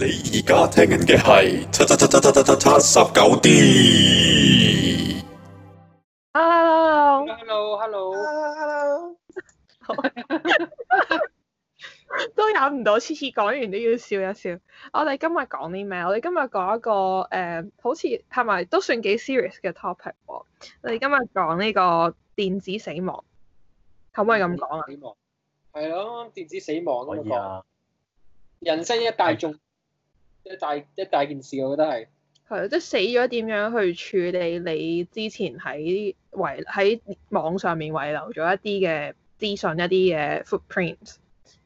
你而家聽緊嘅係七七七七七七七十九 D。Hello。Hello。Hello。Hello。都忍唔到，次次講完都要笑一笑。我哋今日講啲咩？我哋今日講一個誒、呃，好似係咪都算幾 serious 嘅 topic。我哋今日講呢個電子死亡，可唔可以咁講啊？死亡、 嗯。係、嗯、咯，電子死亡咁講。人生一大眾。 一大一大件事，我覺得係係即係死咗點樣去處理你之前喺遺喺網上面遺留咗一啲嘅資訊、一啲嘅 footprint。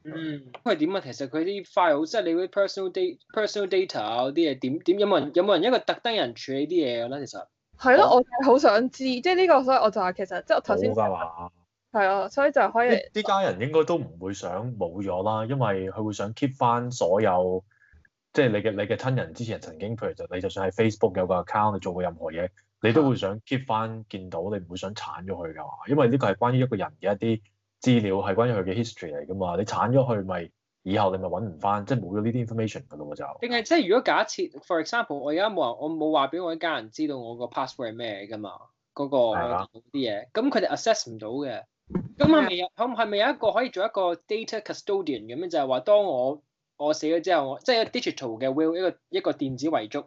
嗯，因為點啊？其實佢啲 file 即係你嗰 personal, personal data、personal data 嗰啲嘢，點點有冇人有冇人一個特登人處理啲嘢咧？其實係咯，我好想知，哦、即係、這、呢個所以我就話其實即係我頭先話係啊，所以就可以啲家人應該都唔會想冇咗啦，因為佢會想 keep 翻所有。即係你嘅你嘅親人之前曾經，譬如就你就算喺 Facebook 有個 account，你做過任何嘢，你都會想 keep 翻見到，你唔會想鏟咗佢噶，因為呢個係關於一個人嘅一啲資料，係關於佢嘅 history 嚟噶嘛。你鏟咗佢，咪以後你咪揾唔翻，即係冇咗呢啲 information 㗎咯就。定係即係如果假設，for example，我而家冇話，我冇話俾我一家人知道我個 password 係咩㗎嘛？嗰個啲嘢，咁佢哋 assess 唔到嘅。咁係咪有係咪有一個可以做一個 data custodian 咁樣，就係話當我，我死咗之後，我即係一個 digital 嘅 will 一個一個電子遺囑，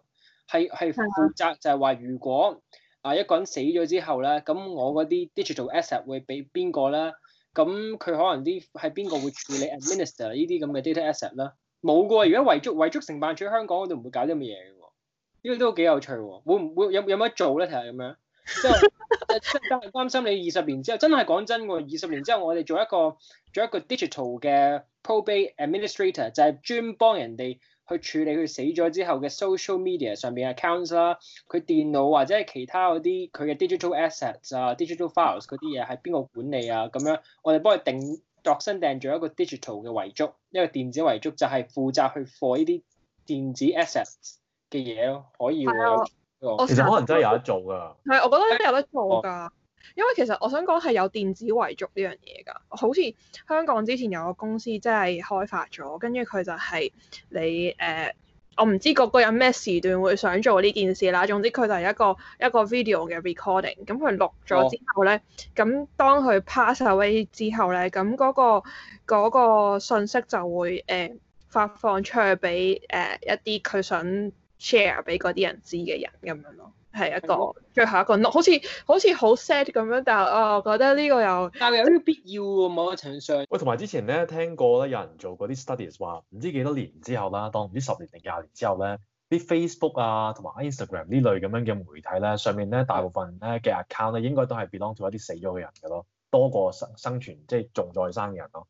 係係負責就係話，如果啊一個人死咗之後咧，咁我嗰啲 digital asset 會俾邊個咧？咁佢可能啲係邊個會處理 administer 呢啲咁嘅 data asset 咧？冇嘅喎，如果遺囑遺囑承辦處香港嗰度唔會搞啲咁嘅嘢嘅喎。呢、呢個都幾有趣喎，會唔會有有乜做咧？睇下咁樣？即係 真係擔心你二十年之後，真係講真喎，二十年之後我哋做一個做一個 digital 嘅 probate administrator，就係專幫人哋去處理佢死咗之後嘅 social media 上邊 accounts 啦，佢電腦或者係其他嗰啲佢嘅 digital assets 啊、digital files 嗰啲嘢係邊個管理啊？咁樣我哋幫佢定度身訂做一個 digital 嘅遺囑，因為電子遺囑就係、是、負責去 for 呢啲電子 assets 嘅嘢咯，可以喎。 其實可能真係有得做㗎，係我覺得都有得做㗎，哦、因為其實我想講係有電子遺囑呢樣嘢㗎，好似香港之前有個公司真係開發咗，跟住佢就係、是、你誒、呃，我唔知個個有咩時段會想做呢件事啦。總之佢就係一個一個 video 嘅 recording，咁佢錄咗之後咧，咁、哦、當佢 pass away 之後咧，咁嗰、那個嗰、那個信息就會誒、呃、發放出去俾誒、呃、一啲佢想，share 俾嗰啲人知嘅人咁樣咯，係一個的最後一個 note，好似好似好 sad 咁樣，但係、哦、我覺得呢個又但係有啲必要嘅某個程度上。喂，同埋之前咧聽過咧，有人做過啲 studies 話，唔知幾多年之後啦，當唔知十年定廿年之後咧，啲 Facebook 啊同埋 Instagram 呢類咁樣嘅媒體咧，上面咧大部分咧嘅 account 咧，應該都係 belong to 一啲死咗嘅人嘅咯，多過生生存即係、就是、仲在生嘅人咯。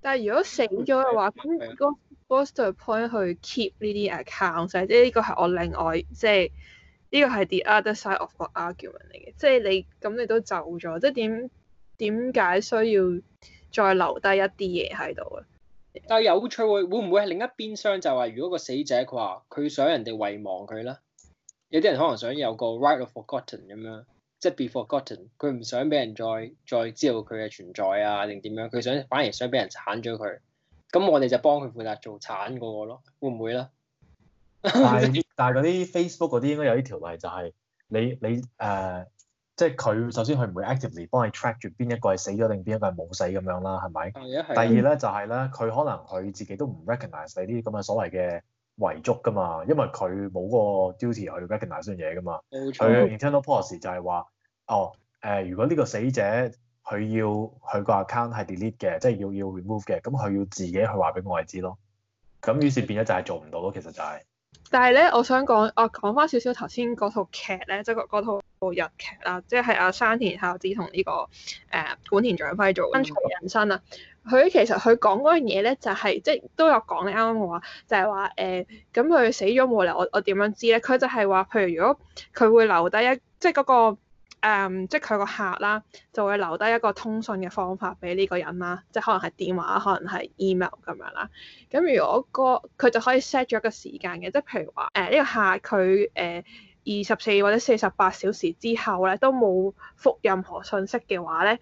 但係如果死咗嘅話，咁個 poster point 去 keep 呢啲 account，即係呢個係我另外即係呢個係 the other side of the argument 嚟嘅，即係你咁你都走咗，即係點點解需要再留低一啲嘢喺度啊？但係有趣會唔會係另一邊廂就係如果個死者佢話佢想人哋遺忘佢啦，有啲人可能想有個 right of forgotten 咁樣。即係 be forgotten，佢唔想俾人再再知道佢嘅存在啊，定點樣？佢想反而想俾人鏟咗佢。咁我哋就幫佢負責做鏟過我咯，會唔會咧？但係是 但係嗰啲 Facebook 嗰啲應該有啲條例就係你你誒，即係佢首先佢唔會 actively 幫你 track 住邊一個係死咗定邊一個係冇死咁樣啦，係咪？啊啊、第二咧就係咧，佢可能佢自己都唔 recognize 你啲咁嘅所謂嘅。遺囑㗎嘛，因為佢冇嗰個 duty 去 backing 嗰樣嘢㗎嘛。冇錯。佢 internal policy 就係話，哦，誒、呃，如果呢個死者佢要佢個 account 係 delete 嘅，即係要要 remove 嘅，咁佢要自己去話俾我哋知咯。咁於是變咗就係做唔到咯，其實就係、是。但係咧，我想講，我講翻少少頭先嗰套劇咧，即係嗰套日劇、就是啊，這個、啊，即係阿山田孝之同呢個誒菅田將暉做《真材人生》啊、嗯。佢其實佢講嗰樣嘢咧，就係即係都有講咧。啱啱話就係話誒，咁佢死咗冇嚟，我我點樣知咧？佢就係話，譬如如果佢會留低一，即係嗰個誒，即係佢個客啦，就會留低一個通訊嘅方法俾呢個人啦，即係可能係電話，可能係 email 咁樣啦。咁如果個佢就可以 set 咗一個時間嘅，即係譬如話誒呢個客佢誒二十四或者四十八小時之後咧，都冇覆任何信息嘅話咧。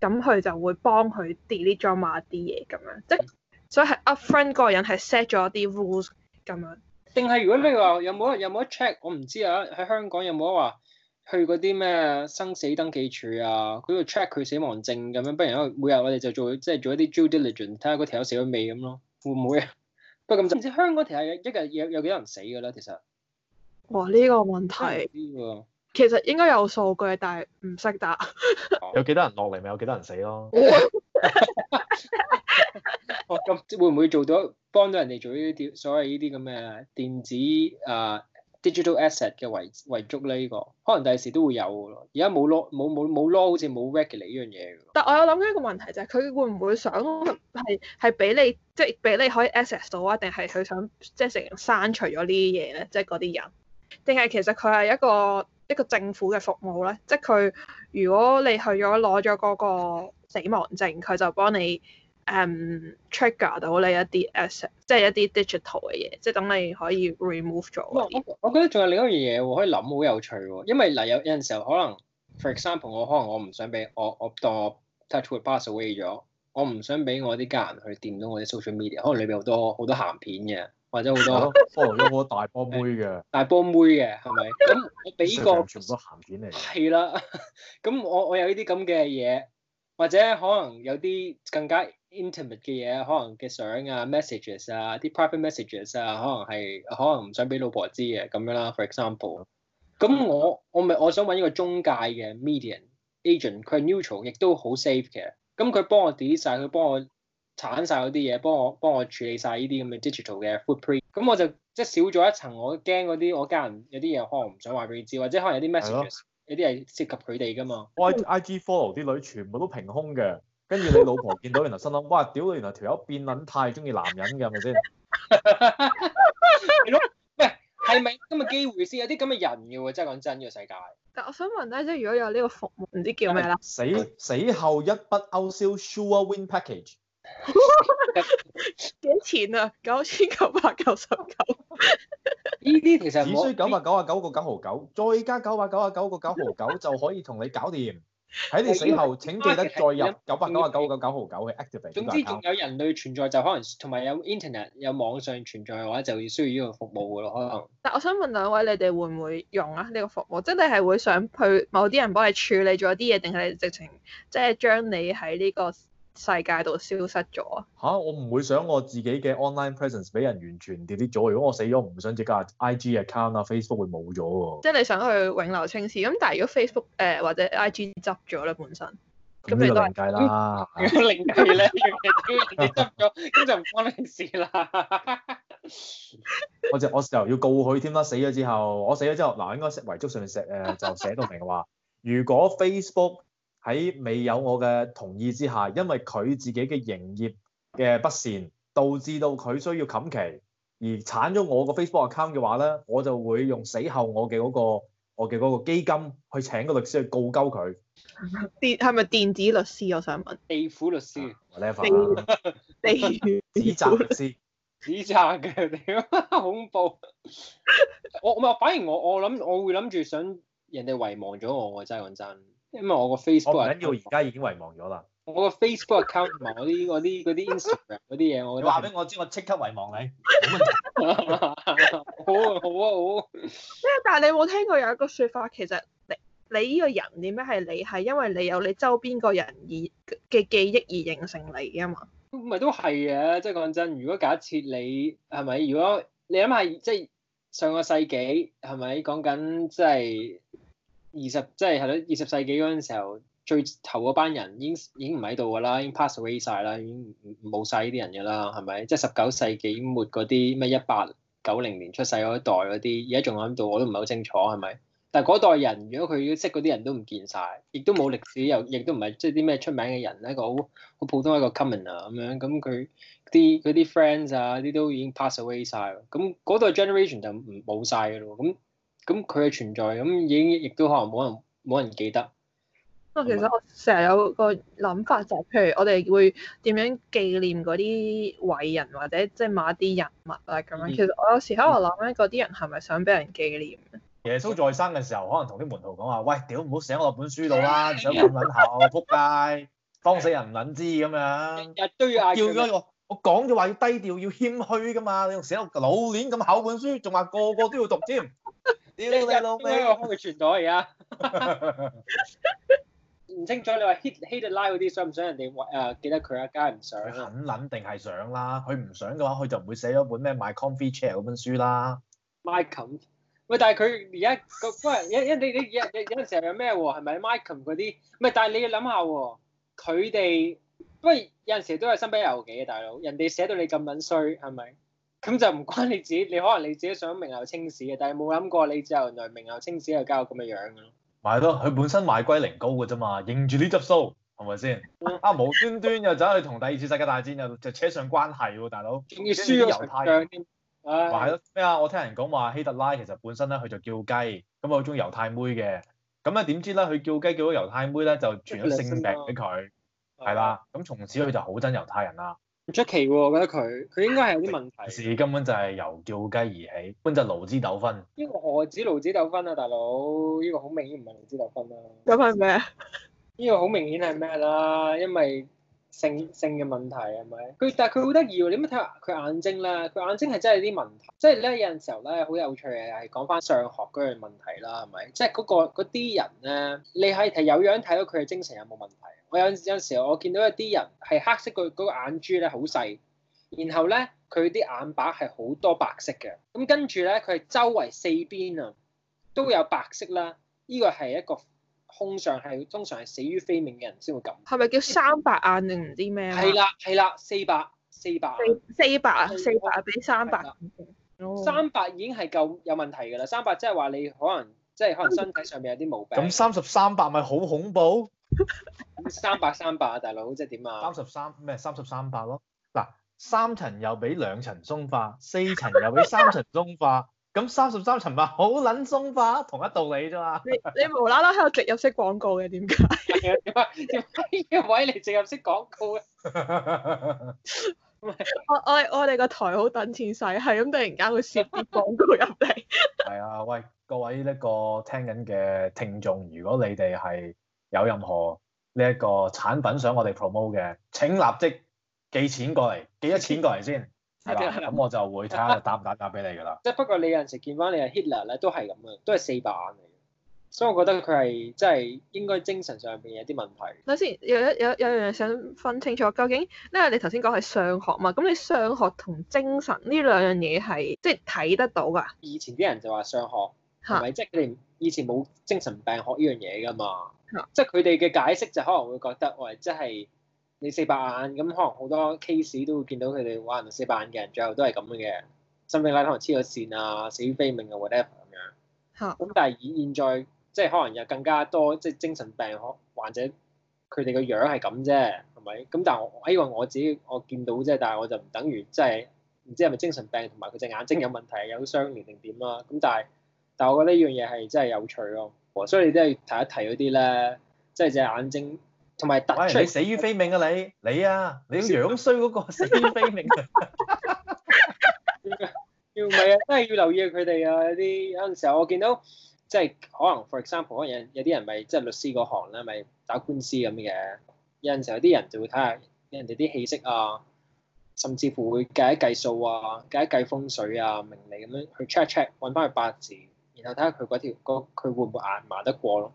咁佢就會幫佢 delete 咗某一啲嘢咁樣，即係、嗯、所以係 up friend 嗰個人係 set 咗啲 rules 咁樣。定係如果你話有冇有冇 check？我唔知啊，喺香港有冇話去嗰啲咩生死登記處啊，嗰度 check 佢死亡證咁樣？不如每日我哋就做即係做一啲 due diligence 睇下嗰條友死咗未咁咯，會唔會啊？ 不過咁就唔知香港條友一日有有幾多人死㗎啦，其實。哇！呢、呢個問題。其實應該有數據，但係唔識答。有幾多人落嚟，咪有幾多人死咯。咁會唔會做到幫到人哋做呢啲所謂呢啲咁嘅電子啊、呃、digital asset 嘅遺遺囑咧？呢、呢個可能第時都會有咯。而家冇 law 冇冇冇 law 好似冇 regulate 呢樣嘢。但我有諗緊一個問題就係、是，佢會唔會想係係俾你即係俾你可以 access 到啊？定係佢想即係成日刪除咗呢啲嘢咧？即係嗰啲人，定係其實佢係一個。一個政府嘅服務咧，即係佢如果你去咗攞咗嗰個死亡證，佢就幫你誒、um, trigger 到你一啲 asset，即係一啲 digital 嘅嘢，即係等你可以 remove 咗。我、哦、我覺得仲有另一樣嘢喎，可以諗好有趣喎，因為嗱有有陣時候可能，for example 我可能我唔想俾我我當 touch wood pass away 咗，我唔想俾我啲家人去掂到我啲 social media，可能裏面好多好多鹹片嘅。或者好多，follow 咗好多大波妹嘅，大波妹嘅係咪？咁我俾個 全部都鹹片嚟。係啦，咁我我有呢啲咁嘅嘢，或者可能有啲更加 intimate 嘅嘢，可能嘅相啊、messages 啊、啲 private messages 啊，可能係可能唔想俾老婆知嘅咁樣啦。For example，咁 我我咪我想揾一個中介嘅 median agent，佢係 neutral，亦都好 safe 嘅。咁佢幫我 delete 晒佢幫我。鏟晒嗰啲嘢，幫我幫我處理晒呢啲咁嘅 digital 嘅 footprint。咁我就即係少咗一層，我驚嗰啲我家人有啲嘢可能唔想話俾你知，或者可能有啲 message 有啲係涉及佢哋噶嘛。IG follow 啲女全部都平胸嘅，跟住你老婆見到，原來心諗哇，屌原來條友變撚太中意男人㗎，係咪先？係喂，係咪咁嘅機會先？有啲咁嘅人嘅喎，真係講真嘅世界。但我想問咧，即係如果有呢個服務，唔知叫咩啦？死死後一筆勾銷 sure win package。幾錢 啊？九千九百九十九。依啲其實只需九百九啊九個九毫九，再加九百九啊九個九毫九就可以同你搞掂。喺你死後，為請記得再入九百九啊九個九毫九去 activate。總之仲有人類存在，就可能同埋有 internet 有網上存在嘅話，就要需要呢個服務嘅咯。可能。但我想問兩位，你哋會唔會用啊？呢、這個服務，即係你係會想去某啲人幫你處理咗啲嘢，定係直情即係將你喺呢、這個？世界度消失咗啊！嚇，我唔會想我自己嘅 online presence 俾人完全 delete 咗。如果我死咗，唔想只架 IG account 啊、Facebook 會冇咗喎。即係你想去永留青史咁，但係如果 Facebook 誒、呃、或者 IG 執咗咧本身，咁你都零計啦。零計咧，因為你執咗，咁就唔關你事啦 。我就我就要告佢添啦。死咗之後，我死咗之後嗱，應該遺囑上面寫誒就寫到明話，如果 Facebook 喺未有我嘅同意之下，因為佢自己嘅營業嘅不善，導致到佢需要冚期，而鏟咗我個 Facebook account 嘅話咧，我就會用死後我嘅、嗰個我嘅嗰個基金去請個律師去告鳩佢。電係咪電子律師？我想問。地府律師。啊這個、地地府獄。紙紮律師。紙紮嘅，點恐怖？我我咪，反而我我諗我會諗住想人哋遺忘咗我，我真係講真。因為我個 Facebook，我唔緊要而家已經遺忘咗啦。 我個 Facebook account 同埋嗰啲啲啲 Instagram 嗰啲嘢，我話俾我知，我即刻遺忘你 好、啊。好啊，好啊好啊好。咩？ 但係你冇聽過有一個説法，其實你你呢個人點解係你係因為你有你周邊個人而嘅記憶而形成你啊嘛？唔係都係嘅、啊，即係講真。如果假設你係咪？如果你諗下，即係上個世紀係咪講緊即係？二十即係係咯，二十世紀嗰陣時候最頭嗰班人已經已經唔喺度㗎啦，已經 pass away 晒啦，已經冇晒呢啲人㗎啦，係咪？即係十九世紀末嗰啲咩一八九零年出世嗰代嗰啲，而家仲喺度，我都唔係好清楚係咪？但係嗰代人如果佢要識嗰啲人都唔見晒，亦都冇歷史又亦都唔係即係啲咩出名嘅人，一個好好普通一個 commoner 咁樣，咁佢啲啲 friends 啊啲都已經 pass away 曬，咁嗰代 generation 就唔冇晒㗎咯，咁。咁佢嘅存在咁已經亦都可能冇人冇人記得。啊、就是，其實我成日有個諗法就譬如我哋會點樣紀念嗰啲偉人或者即係某啲人物啊咁樣。其實我有時喺度諗咧，嗰啲人係咪想俾人紀念？耶穌在生嘅時候，可能同啲門徒講話，喂，屌唔好寫我本書度啦，想揾下我撲街，慌 死人唔撚知咁樣。日都要嗌我我講咗話要低調要謙虛噶嘛，你寫到老年咁考本書，仲話個個都要讀添。 你入邊個空嘅存袋而家？唔清楚你話 hit hit the line 嗰啲想唔想人哋誒記得佢啊？梗係唔想，啊？肯定係想啦，佢唔想嘅話，佢就唔會寫咗本咩 My Comfy Chair 嗰本書啦。Michael 喂，但係佢而家，因為有有啲你有有有陣時有咩喎？係咪 Michael 嗰啲？唔係，但係你要諗下喎，佢哋，不過有陣時都係身不由己嘅大佬，人哋寫到你咁撚衰，係咪？咁就唔關你自己，你可能你自己想名留青史嘅，但係冇諗過你之後原來名留青史又搞到咁嘅樣嘅咯。係咯，佢本身賣龜苓膏嘅啫嘛，認住呢執數係咪先？啊無端端又走去同第二次世界大戰又就扯上關係喎，大佬。仲要輸咗猶太人。係咯咩啊？我聽人講話希特拉其實本身咧佢就叫雞，咁啊中意猶太妹嘅，咁咧點知咧佢叫雞叫咗猶太妹咧就傳咗性病俾佢，係啦，咁從此佢就好憎猶太人啦。出奇喎，我覺得佢佢應該係有啲問題。事根本就係由叫雞而起，本就勞資糾紛。呢個何止勞資糾紛啊，大佬！呢、呢個好明顯唔係勞資糾紛啦。咁係咩啊？呢個好明顯係咩啦？因為性性嘅問題係咪？佢但係佢好得意喎，你乜睇下？佢眼睛咧？佢眼睛係真係啲問題。即係咧有陣、啊就是、時候咧，好有趣嘅係講翻上學嗰樣問題啦，係咪？即係嗰個嗰啲人咧，你係睇有樣睇到佢嘅精神有冇問題？我有陣有陣時，我見到一啲人係黑色個嗰個眼珠咧好細，然後咧佢啲眼白係好多白色嘅，咁跟住咧佢係周圍四邊啊都有白色啦。呢個係一個凶相，係通常係死於非命嘅人先會咁。係咪叫三白眼定唔知咩啊？係啦係啦，四白四白。四四白四白比三白。三白已經係夠有問題㗎啦！三白即係話你可能即係、就是、可能身體上面有啲毛病。咁三十三白咪好恐怖？ 三百三百啊，大佬，即係點啊？三十三咩？三十三百咯。嗱，三層又畀兩層鬆化，四層又畀三層鬆化，咁 三十三層嘛好撚鬆化，同一道理啫嘛、啊。你你無啦啦喺度植入式廣告嘅，點解？位嚟植入式廣告嘅？我我哋個台好等錢使，係咁突然間會攝啲廣告入嚟。係啊，喂，各位呢個聽緊嘅聽眾，如果你哋係。有任何呢一個產品想我哋 promote 嘅，請立即寄錢過嚟，寄咗錢過嚟先係啦。咁 我就會睇下打唔打價俾你噶啦。即係不， 抵 arr 不過你有陣時見翻你阿 Hitler 咧，都係咁啊，都係四百萬嚟，所以我覺得佢係真係應該精神上邊有啲問題。睇先，有有有，有，有，有一樣嘢想分清楚，究竟因為你頭先講係上學嘛？咁你上學同精神呢兩樣嘢係即係睇得到噶。以前啲人就話上學係咪即係你以前冇精神病學呢樣嘢噶嘛？即係佢哋嘅解釋就可能會覺得，喂，即係你四百眼咁，可能好多 case 都會見到佢哋，哇，四百眼嘅人最後都係咁嘅，身邊咧可能黐咗線啊，死於非命啊 whatever 咁樣。嚇！咁但係以現在即係可能有更加多即係精神病患者，佢哋個樣係咁啫，係咪？咁但係我以為我自己我見到啫，但係我就唔等於即係唔知係咪精神病同埋佢隻眼睛有問題有啲傷廉定點啦。咁但係但係我覺得呢樣嘢係真係有趣咯。所以你真係睇一睇嗰啲咧，即係隻眼睛同埋突出，死於非命啊！你你啊，你樣衰嗰個死於非命啊！要唔係啊？真係要，要，要，要留意佢哋啊！有啲有陣時候我見到，即係可能，for example，有有啲人咪即係律師嗰行咧，咪、就是、打官司咁嘅。有陣時候有啲人就會睇下人哋啲氣息啊，甚至乎會計一計數啊，計一計風水啊、命理咁樣去 check check，揾翻去八字。然後睇下佢嗰條歌，佢會唔會挨埋得過咯？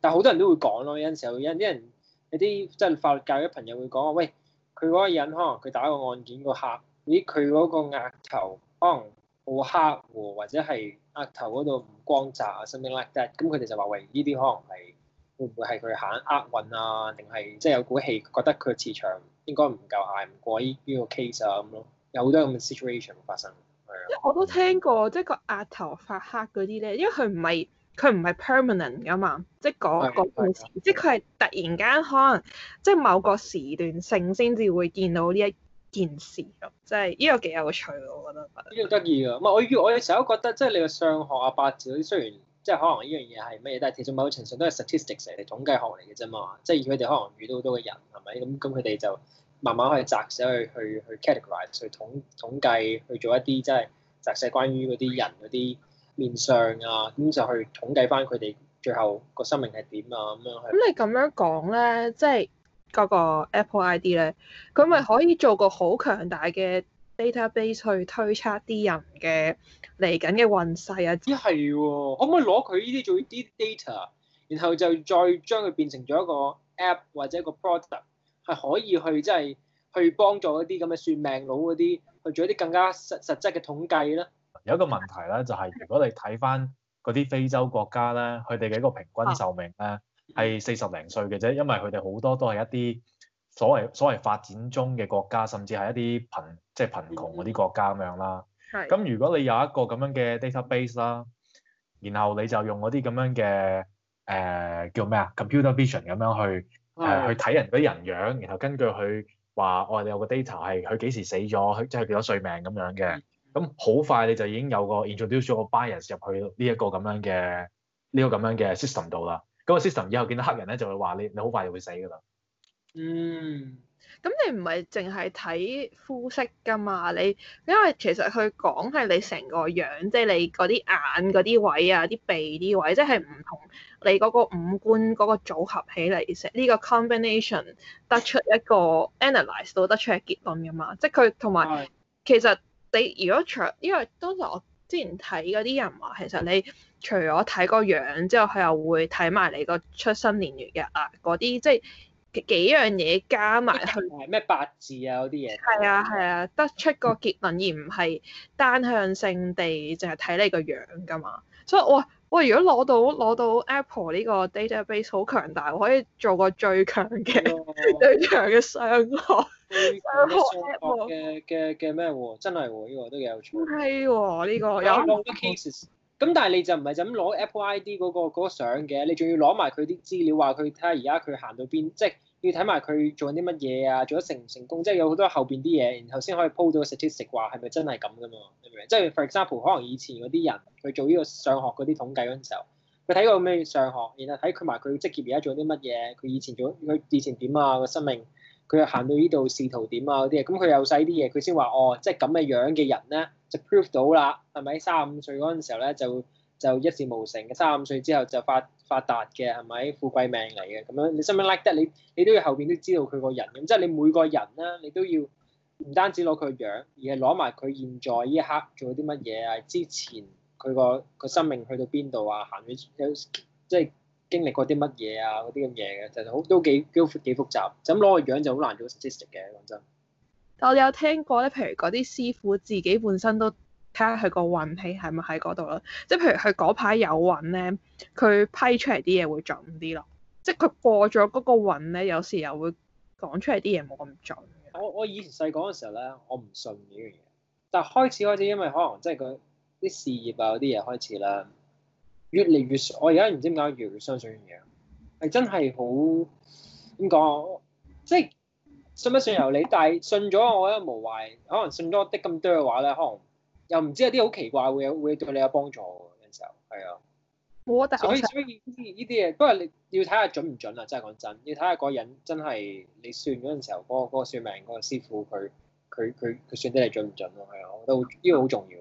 但係好多人都會講咯，有陣時候有啲人有啲即係法律界嘅朋友會講話，喂，佢嗰個人可能佢打個案件個客，咦佢嗰個額頭可能好黑喎，或者係額頭嗰度唔光澤啊，甚麼 like that。」咁佢哋就話喂，呢啲可能係會唔會係佢行厄運啊？定係即係有股氣覺得佢嘅磁場應該唔夠捱唔過呢呢個 case 啊咁咯？有好多咁嘅 situation 會發生。即係我都聽過，即係個額頭發黑嗰啲咧，因為佢唔係佢唔係 permanent 噶嘛，即係嗰嗰件事，的即係佢係突然間可能即係某個時段性先至會見到呢一件事咁，即係呢個幾有趣嘅，我覺得。呢個得意㗎，唔係我我有時候覺得，即係你個上學啊八字啲，雖然即係可能呢樣嘢係咩，但係其實某程度上都係 statistics 嚟，統計學嚟嘅啫嘛，即係佢哋可能遇到好多嘅人，係咪咁咁佢哋就。慢慢去摘寫去去去 categorize 去統統計去做一啲即係摘寫關於嗰啲人嗰啲面相啊，咁就去統計翻佢哋最後個生命係點啊咁樣去。咁你咁樣講咧，即係嗰個 Apple ID 咧，佢咪可以做個好強大嘅 database 去推測啲人嘅嚟緊嘅運勢啊？咦、欸，係喎，可唔可以攞佢呢啲做啲 data，然後就再將佢變成咗一個 app 或者一個 product？係可以去即係去幫助一啲咁嘅算命佬嗰啲，去做一啲更加實實質嘅統計啦。有一個問題咧，就係、是、如果你睇翻嗰啲非洲國家咧，佢哋嘅一個平均壽命咧係、啊、四十零歲嘅啫，因為佢哋好多都係一啲所謂所謂發展中嘅國家，甚至係一啲貧即係、就是、貧窮嗰啲國家咁樣啦。係的。咁如果你有一個咁樣嘅 database 啦，然後你就用嗰啲咁樣嘅誒、呃、叫咩啊 computer vision 咁樣去。誒、啊、去睇人嗰啲人樣，然後根據佢話，我、哎、哋有個 data 係佢幾時死咗，佢即係變咗碎命咁樣嘅，咁好快你就已經有個 introduce 咗個 bias 入去呢一個咁樣嘅呢、這個咁樣嘅 system 度啦。咁、那個 system 以後見到黑人咧，就會話你你好快就會死㗎啦。嗯。咁你唔係淨係睇膚色㗎嘛？你因為其實佢講係你成個樣，即係你嗰啲眼嗰啲位啊、啲鼻啲位，即係唔同你嗰個五官嗰個組合起嚟成呢個 combination 得出一個 analyze 到得出嘅個結論㗎嘛？即係佢同埋其實你如果除因為當時我之前睇嗰啲人話，其實你除咗睇個樣之後，佢又會睇埋你個出生年月日啊嗰啲，即係。幾樣嘢加埋去，係咩八字啊嗰啲嘢，係啊係啊，得出個結論而唔係單向性地淨係睇你個樣噶嘛。所以我我如果攞到攞到 Apple 呢個 database 好強大，我可以做個最強嘅喲 最強嘅傷害，傷害 Apple 嘅嘅嘅咩真係喎，呢、這個都幾有趣。係喎，呢、這個 有好多 cases。咁但係你就唔係就咁攞 Apple ID 嗰個嗰個相嘅，你仲要攞埋佢啲資料話佢睇下而家佢行到邊，即係要睇埋佢做緊啲乜嘢啊，做咗成唔成功，即係有好多後邊啲嘢，然後先可以鋪到個 statistic 話係咪真係咁㗎嘛？明唔明？即係 for example 可能以前嗰啲人去做呢個上學嗰啲統計嗰陣時候，佢睇過咩上學，然後睇佢埋佢職業而家做啲乜嘢，佢以前做佢以前點啊個生命。佢又行到呢度試圖點啊嗰啲嘢，哦，咁佢又細啲嘢，佢先話哦，即係咁嘅樣嘅人咧就 prove 到啦，係咪？三十五歲嗰陣時候咧，就就一事無成嘅，三十五歲之後就發發達嘅，係咪？富貴命嚟嘅，咁樣你先樣、um、like 得你，你都要後面都知道佢個人，即係你每個人咧，你都要唔單止攞佢樣，而係攞埋佢現在呢一刻做啲乜嘢啊，之前佢個個生命去到邊度啊，行咗即係。經歷過啲乜嘢啊，嗰啲咁嘢嘅，其實好都幾都幾複雜，就咁攞個樣，樣就好難做 statistic 嘅講真。但我有聽過咧，譬如嗰啲師傅自己本身都睇下佢個運氣係咪喺嗰度咯，即係譬如佢嗰排有運咧，佢批出嚟啲嘢會準啲咯，即係佢過咗嗰個運咧，有時又會講出嚟啲嘢冇咁準。我我以前細個嘅時候咧，我唔信呢樣嘢，但係開始開始因為可能即係佢啲事業啊嗰啲嘢開始啦。越嚟越信，我而家唔知點解越嚟越相信樣嘢，係真係好點講，即係信唔信由你，但係信咗我覺得無壞，可能信我的多啲咁多嘅話咧，可能又唔知有啲好奇怪會會對你有幫助嘅時候，係啊，我但係所以呢啲嘢，不過你要睇下準唔準啊！真係講真，要睇下嗰個人真係你算嗰陣時候，嗰、嗰個算命嗰、嗰個師傅佢佢佢佢算得你準唔準咯、啊？係啊，我覺得呢個好重要。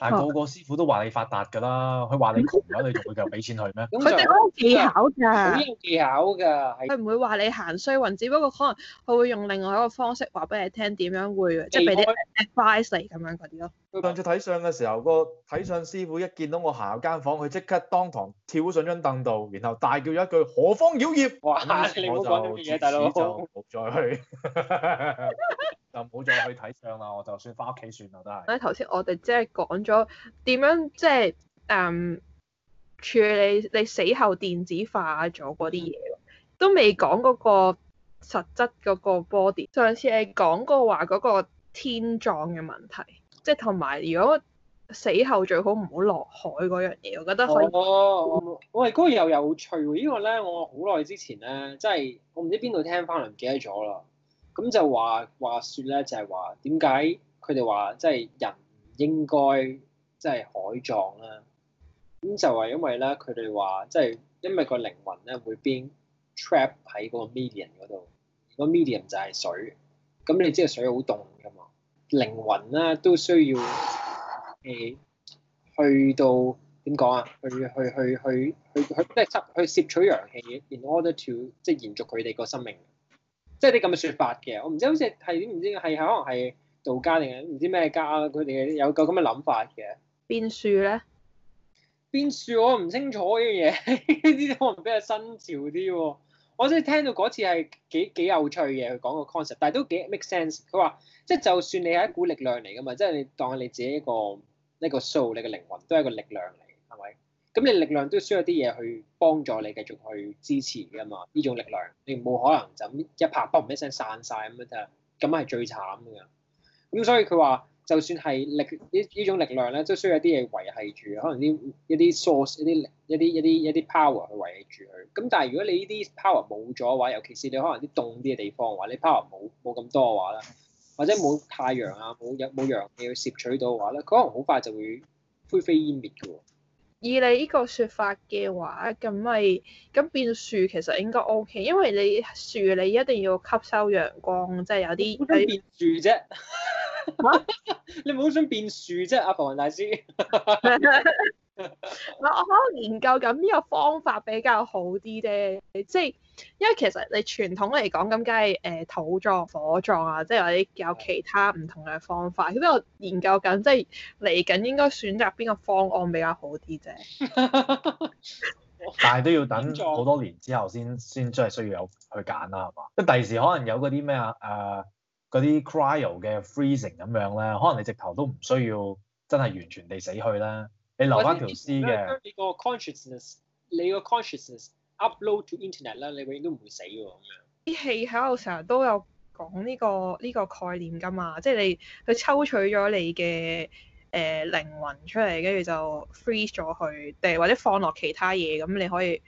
但個個師傅都話你發達㗎啦，佢話你窮咁，你仲會繼續俾錢佢咩？佢哋嗰個技巧㗎，好有技巧㗎，佢唔會話你行衰運，只不過可能佢會用另外一個方式話俾你聽點樣會，怪即係俾你 advice 你咁樣嗰啲咯。上次睇相嘅時候，嗰個睇相師傅一見到我行入間房，佢即刻當堂跳上張凳度，然後大叫咗一句何方妖孽！哇，啊、你別我就自至此哥就冇再去， 就唔好再去睇相啦。我就算翻屋企算啦都係。誒，頭先我哋即係講咗點樣，即係誒處理你，你死後電子化咗嗰啲嘢，都未講嗰個實質嗰個 body。上次係講過話嗰個天葬嘅問題。即係同埋，如果死後最好唔好落海嗰樣嘢，我覺得好，我哦，喂、哦，嗰、哦嗰個，又有趣呢個咧，我好耐之前咧，即係我唔知邊度聽翻嚟，唔記得咗啦。咁就話話說咧，就係話點解佢哋話即係人唔應該即係海葬啦？咁就係因為咧，佢哋話即係因為個靈魂咧會邊 trap 喺嗰個 medium 嗰度，個 medium 就係水。咁你知水好凍㗎嘛？靈魂啦，都需要誒、欸、去到點講啊？去去去去去去，即係吸去攝取陽氣，in order to 即係延續佢哋個生命。即係啲咁嘅説法嘅，我唔知好似係點，唔知係可能係道家定係唔知咩家、啊，佢哋有個咁嘅諗法嘅。邊書咧？邊書我唔清楚呢樣嘢，呢啲可能比較新潮啲喎、哦。我真係聽到嗰次係幾幾有趣嘅，佢講個 concept，但係都幾 make sense。佢話即係就算你係一股力量嚟噶嘛，即係你當你自己一個一個 soul 你嘅靈魂都係一個力量嚟，係咪？咁你力量都需要啲嘢去幫助你繼續去支持㗎嘛。呢種力量你冇可能就一拍嘣一聲散晒，咁樣㗎，咁係最慘㗎。咁所以佢話。就算係力呢呢種力量咧，都需要一啲嘢維係住，可能啲一啲 source、一啲力、一啲一啲一啲 power 去維係住佢。咁但係如果你呢啲 power 冇咗嘅話，尤其是你可能啲凍啲嘅地方嘅話，你 power 冇冇咁多嘅話咧，或者冇太陽啊，冇有冇陽氣去攝取到嘅話咧，佢可能好快就會灰飛煙滅㗎喎。以你呢個説法嘅話，咁咪咁變樹其實應該 OK，因為你樹你一定要吸收陽光，即係有啲點變啫。 啊、你唔好想變樹啫，阿黃大師。 我可能研究緊呢個方法比較好啲啫，即係因為其實你傳統嚟講咁，梗係誒土葬、火葬啊，即係或者有其他唔同嘅方法。咁我研究緊，即係嚟緊應該選擇邊個方案比較好啲啫。 但係都要等好多年之後先先真係需要有去揀啦，係嘛？即係第時可能有嗰啲咩啊誒？呃嗰啲 cryo 嘅 freezing 咁樣咧，可能你直頭都唔需要真係完全地死去啦，你留返條屍嘅。你個 consciousness，你個 consciousness upload to internet 啦，你永遠都唔會死㗎。咁樣啲戲喺度成日都有講呢、呢個呢、呢個概念㗎嘛，即係你佢抽取咗你嘅誒、呃、靈魂出嚟，跟住就 freeze 咗佢，定或者放落其他嘢咁，你可以。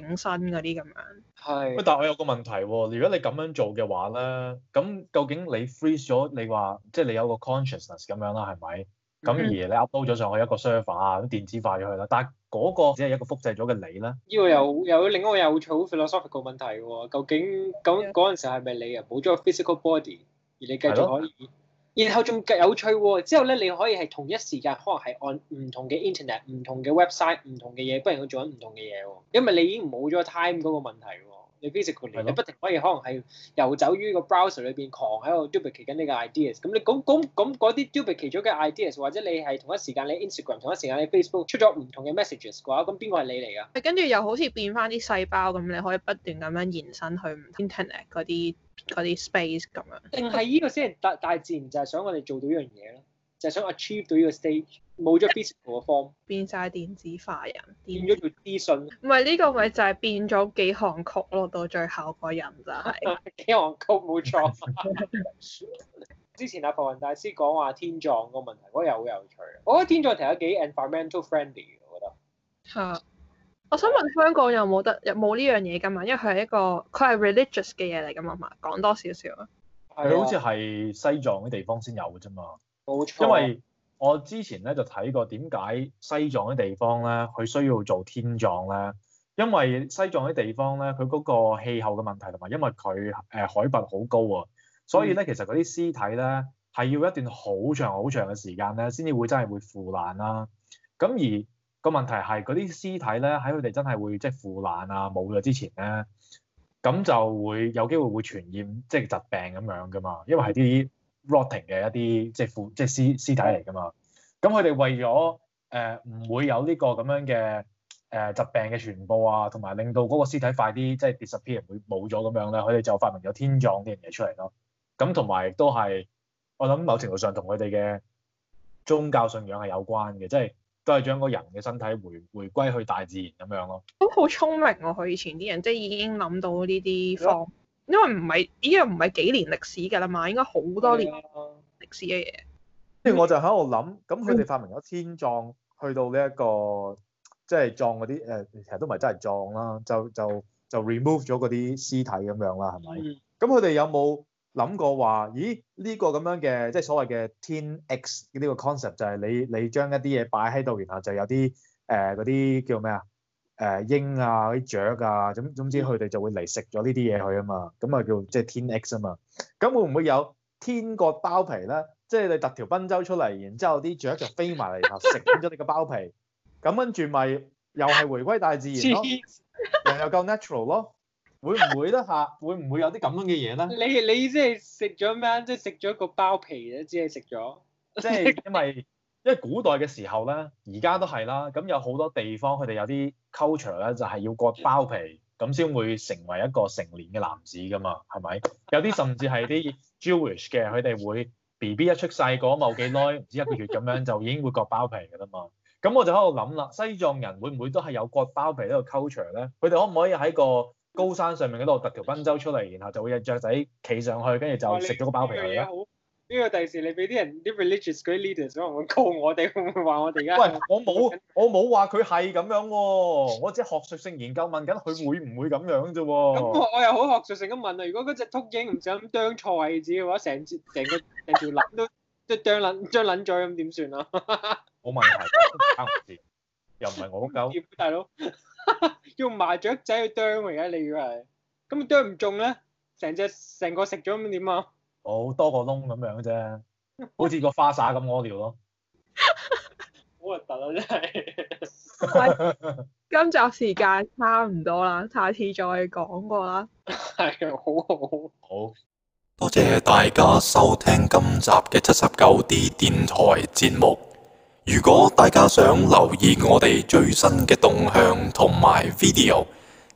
永生嗰啲咁樣，係喂是，但係我有個問題喎。如果你咁樣做嘅話咧，咁究竟你 freeze 咗，你話即係你有個 consciousness 咁樣啦，係咪？咁而你 upload 咗上去一個 server 啊，咁電子化咗佢啦。但係嗰個只係一個複製咗嘅你咧。呢個又又另一個有趣 philosophical 問題喎。究竟咁嗰陣時係咪你啊？冇咗個 physical body，而你繼續可以。然後仲有趣喎、哦，之後咧你可以係同一時間，可能係按唔同嘅 internet、唔同嘅 website、唔同嘅嘢，不如去做緊唔同嘅嘢喎，因為你已經冇咗 time 嗰個問題。你 Physical, 的你不停可以可能係遊走於個 browser 裏邊，狂喺度 duplicate 緊呢個 ideas。咁你咁咁咁嗰啲 duplicate 咗嘅 ideas，或者你係同一時間你 Instagram 同一時間你 Facebook 出咗唔同嘅 messages 嘅話，咁邊個係你嚟㗎？跟住又好似變返啲細胞咁，你可以不斷咁樣延伸去 internet 嗰啲啲 space 咁樣。定係呢個先係大大自然就係想我哋做到呢樣嘢咯，就係、是、想 achieve 到呢個 stage。冇咗 physical 嘅 form，變曬電子化人，變咗做資訊。唔係呢個，咪就係變咗幾行 code 咯，到最後個人就係、是、 幾行 code，冇錯。 之前阿浮雲大師講話天葬個問題，我覺得又好有趣。我覺得天葬其實幾 environmental friendly，我覺得。係、啊、我想問香港有冇得？有冇呢樣嘢㗎嘛？因為佢係一個佢係 religious 嘅嘢嚟㗎嘛。講多少少啊？佢好似係西藏啲地方先有㗎啫嘛。冇為錯。因為我之前咧就睇過點解西藏啲地方咧，佢需要做天葬咧，因為西藏啲地方咧，佢嗰個氣候嘅問題同埋因為佢誒海拔好高啊，所以咧其實嗰啲屍體咧係要一段好長好長嘅時間咧，先至會真係會腐爛啦、啊。咁而個問題係嗰啲屍體咧喺佢哋真係會即係腐爛啊冇咗之前咧，咁就會有機會會傳染即係、就是、疾病咁樣噶嘛，因為係啲。rotting 嘅一啲即係腐即係屍屍體嚟㗎嘛，咁佢哋為咗誒唔會有呢個咁樣嘅誒、呃、疾病嘅傳播啊，同埋令到嗰個屍體快啲即係 disappear，會冇咗咁樣咧，佢哋就發明咗天葬呢樣嘢出嚟咯。咁同埋都係我諗某程度上同佢哋嘅宗教信仰係有關嘅，即係都係將個人嘅身體回回歸去大自然咁樣咯。都好聰明喎、啊！佢以前啲人即係已經諗到呢啲方。因為唔係呢樣唔係幾年歷史㗎啦嘛，應該好多年歷史嘅嘢，啊。即係、嗯、我就喺度諗，咁佢哋發明咗天葬，去到呢，這，一個即係葬嗰啲誒，其實都唔係真係葬啦，就就就 remove 咗嗰啲屍體咁樣啦，係咪？咁佢哋有冇諗過話，咦呢，這個咁樣嘅即係所謂嘅天 X 呢個 concept 就係你你將一啲嘢擺喺度，然後就有啲誒嗰啲叫咩啊？誒鷹啊，啲雀啊，咁總之佢哋就會嚟食咗呢啲嘢佢啊嘛，咁啊叫即係天 x 啊嘛，咁會唔會有天個包皮咧？即係你特條賓州出嚟，然之後啲雀就飛埋嚟，然後食咗你個包皮，咁跟住咪又係回歸大自然咯，又又夠 natural 咯，會唔會咧吓、啊，會唔會有啲咁樣嘅嘢咧？你你意思係食咗咩？即係食咗個包皮咧？只係食咗？即係因為。因為古代嘅時候咧，而家都係啦，咁有好多地方佢哋有啲 culture 咧，就係要割包皮，咁先會成為一個成年嘅男子噶嘛，係咪？有啲甚至係啲 Jewish 嘅，佢哋會 BB 一出世嗰冇幾耐，唔知一個月咁樣就已經會割包皮噶啦嘛。咁我就喺度諗啦，西藏人會唔會都係有割包皮呢個 culture 咧？佢哋可唔可以喺個高山上面嗰度特條賓州出嚟，然後就會有雀仔企上去，跟住就食咗個包皮去咧？呢個第時你俾啲人啲 religious 嗰啲 leaders 會唔會告我哋？會唔會話我哋而家？喂，我冇，我冇話佢係咁樣喎。我只學術性研究問緊佢會唔會咁樣啫喎。咁我我又好學術性咁問啦。如果嗰隻禿鷹唔小心啄錯位置嘅話，成隻、成個、成條卵都都啄鱗、啄鱗咗，咁點算啊？冇問題，啱學術。又唔係我狗。葉夫大佬，用麻雀仔去啄嘅而家，你要係咁啄唔中咧，成隻，成個食咗，咁點啊？好、哦、多個窿咁樣啫，好似個花灑咁屙尿咯，好核突啊！真係。今集時間差唔多啦，下次再講過啦。係， 好好好。多謝大家收聽今集嘅七十九 D 電台節目。如果大家想留意我哋最新嘅動向同埋 video，